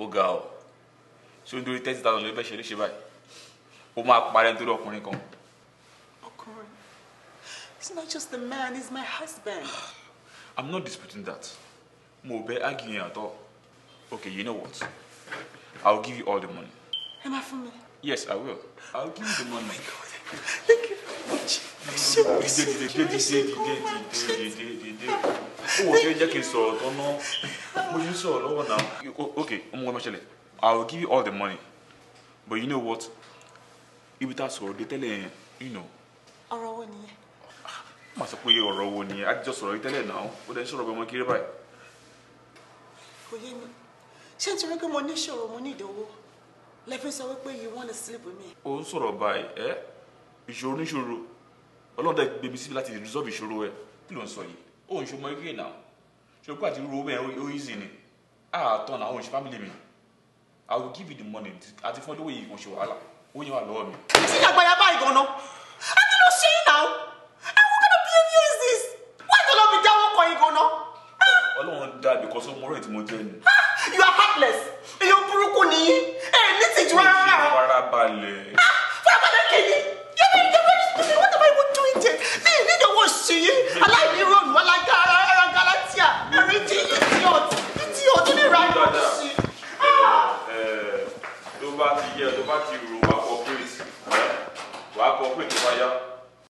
ó ga ọ ṣé o nítorí thirty thousand ló fẹ́ ṣe léṣe báyìí ó máa parẹ́ nítorí ọkùnrin kan. ọkùnrin it's not just the man he's my husband. i'm not disputing that mo bẹ arguing at all okay you know what i'll give you all the money. Am I for me? yes i will i'll give you the money. oh my god thank you very much. ṣé o ṣe kí o ṣe kó máa o ṣe jẹ́ kí n sọ̀rọ̀ tán náà mo ṣe ń sọ̀rọ̀ lọ́wọ́ náà. okay ọmọ ọmọ ṣẹlẹ̀ i will give you all the money but you know what ibi tá a sọ̀rọ̀ dé tẹ́lẹ̀ yẹn you know. ọ̀rọ̀ wo nìyẹn. má sọ pé ọ̀rọ̀ wo nìyẹn a ti jọ sọ̀rọ̀ yìí tẹ́lẹ̀ náà ó dẹ̀ ń sọ̀rọ̀ bí ọmọ kéré báyìí. kò yé mi ṣé nítorí pé mo ní ìṣòro mo ní ìdánwò lẹ́fí sọ wípé you wanna sleep with me. ó ń sọ̀rọ̀ báyìí ẹ́ ìṣòro níṣòro ọlọ́dẹ gbèmí síbi láti resolve ìṣòro ẹ kí ló ń sọ yìí òun ṣe ọmọ uk náà ṣòkú àti rúwọ́ bẹ́ẹ̀ ó easy ni àtọ̀ náà òun ṣe family mi i will give you the money àti fún olówó yìí kò ṣe wàhálà ó yẹn wà lọ́wọ́ mi. ti àgbàyà báyìí gan-an a ti lọ ṣe é náà àwọn kan tó bí ẹni is this wọ́n ti lọ fi dáwọ́ kọ yìí gan-an. ọlọ́run dá bìkọ́ sọ mọ́rọ̀ tí mo jẹ́ ni. you are heartless èèyàn burúkú nìyí ẹ̀ ní tìjú rárá. ó ti farabalẹ̀. bá ti yẹ tó bá ti rò wá cooperate wá cooperate tó bá yá.